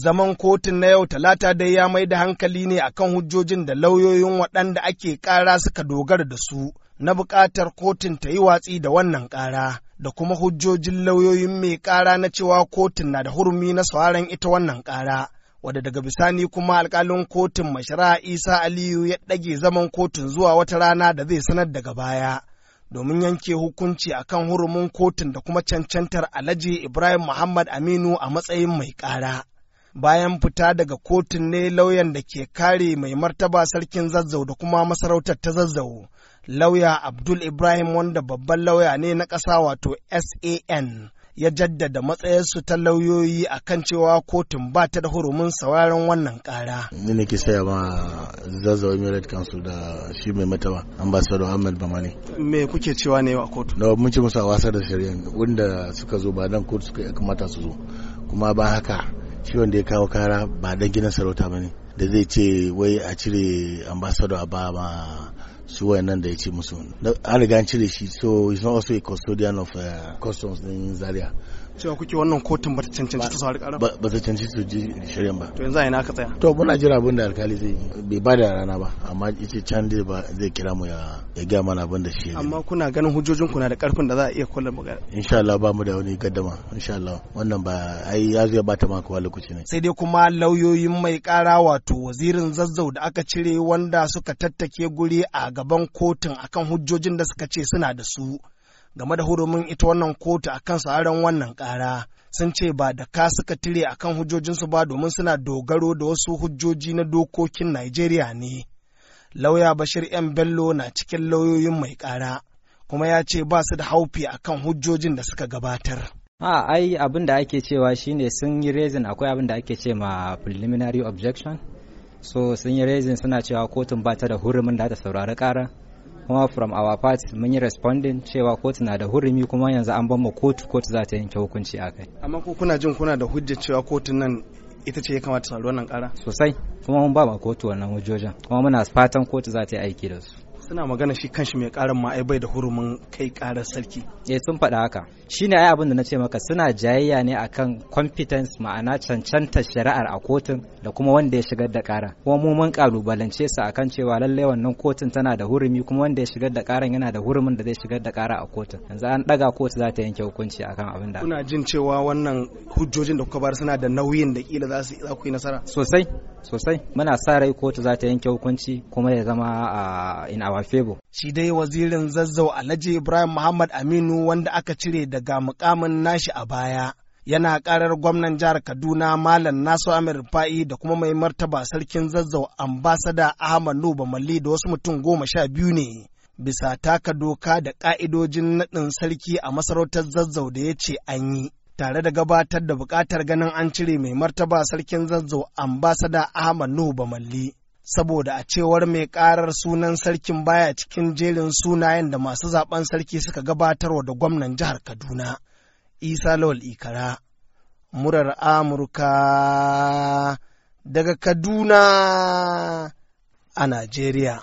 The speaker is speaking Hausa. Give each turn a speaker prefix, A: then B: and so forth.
A: zaman kotun na yau talata dai ya mai da hankali ne akan hujjojin da lauyoyin waɗanda ake ƙara suka dogara da su na buƙatar kotun ta yi watsi da wannan ƙara da kuma hujjojin lauyoyin mai ƙara na cewa kotun na da hurumi na sauran ita wannan ƙara wadda daga bisani kuma alkalin kotun mashara isa aliyu ya ɗage zaman kotun zuwa wata rana da zai sanar daga baya domin yanke hukunci akan hurumin kotun da kuma cancantar alhaji ibrahim muhammad aminu a matsayin mai ƙara. bayan fita daga kotun ne lauyan da ke kare mai martaba sarkin zazzau da kuma masarautar ta zazzau lauya abdul ibrahim wanda babban lauya ne na ƙasa wato san ya jaddada matsayarsu ta lauyoyi a kan cewa kotun ba ta da hurumin sauraron wannan kara.
B: Ni ne ke saya ma zazzawa Emirate Council da shi mai mataba ambassador Ahmed Bamani. Me kuke cewa ne a kotu? Da mun ce musu a wasa da shari'a wanda suka zo ba nan kotu suka kamata su zo. Kuma ba haka shi wanda ya kawo kara ba dan gidan sarauta ba ne da zai ce wai a cire ambassador a ba ma su wayannan da ya ce musu an riga an cire shi so is not also a custodian of uh, customs in zaria cewa kuke wannan kotun ba ta cancanci ta sauri ƙara ba ta cancanci su ji shirin ba
A: to yanzu a ina ka tsaya
B: to muna jira abin da alkali zai bai ba da rana ba amma yace can dai ba zai kira mu ya gaya mana abin da shi
A: amma kuna ganin hujjojin ku na da karfin da za a iya kullum magana
B: insha Allah ba mu da wani gaddama insha Allah wannan ba ai ya zai bata ma kowa lokaci ne sai dai
A: kuma lauyoyin mai ƙara wato wazirin zazzau da aka cire wanda suka tattake guri a gaban kotun akan hujjojin da suka ce suna da su game da hurumin ita wannan kotu akan tsarin wannan ƙara sun ce ba da ka suka tire akan hujjojinsu ba domin suna dogaro da wasu hujjoji na dokokin Najeriya ne. Lauya Bashir ‘yan Bello na cikin lauyoyin mai ƙara, kuma ya ce ba su da haufi akan hujjojin da suka gabatar.
C: A ai abin da ake cewa shine sun yi rezin akwai abin da ake ce ma preliminary objection so sun yi raising suna cewa kotun ba ta da hurumin da ta saurari kara kuma from our part mun yi responding cewa kotu na da hurumi kuma yanzu an ban mu kotu kotu za ta yanke hukunci a kai amma ko kuna jin kuna da hujja cewa kotun nan ita ce ya kamata saurari wannan kara sosai kuma mun ba ma kotu wannan hujjojin kuma muna fatan kotu za ta yi aiki da su suna magana shi kanshi mai karin ma ai bai da hurumin kai karar sarki eh sun faɗa haka shine ai abin da na ce maka suna jayayya ne akan competence ma'ana cancanta shari'ar a kotun da kuma wanda ya shigar da karar kuma mu mun kalubalance su akan cewa lallai wannan kotun tana da hurumi kuma wanda ya shigar da karar yana da hurumin da zai shigar da karar a kotun yanzu an daga kotu za ta yanke hukunci akan abin da
A: kuna jin cewa wannan hujjojin da kuka bar suna da nauyin da kila za su za ku yi nasara
C: sosai sosai muna sa rai kotu za ta yanke hukunci kuma ya zama ah, in Shi dai wazirin zazzau Alhaji Ibrahim Muhammad Aminu wanda aka
A: cire daga mukamin nashi a baya. Yana karar gwamnan jihar Kaduna Malam Nasu Amir Fa'i da kuma mai martaba sarkin zazzau ambasada Ahmad Nuba Malli da wasu mutum goma sha biyu ne. Bisa taka doka da ƙa'idojin naɗin sarki a masarautar zazzau da ya ce an yi. tare da gabatar da buƙatar ganin an cire mai martaba sarkin zazzau ambasada Ahmad Nuhu Bamalli. saboda a cewar mai karar sunan sarkin baya cikin jerin sunayen da masu zaben sarki suka gabatarwa da gwamnan jihar Kaduna. Isa Lawal Ikara, murar Amurka daga Kaduna a Najeriya.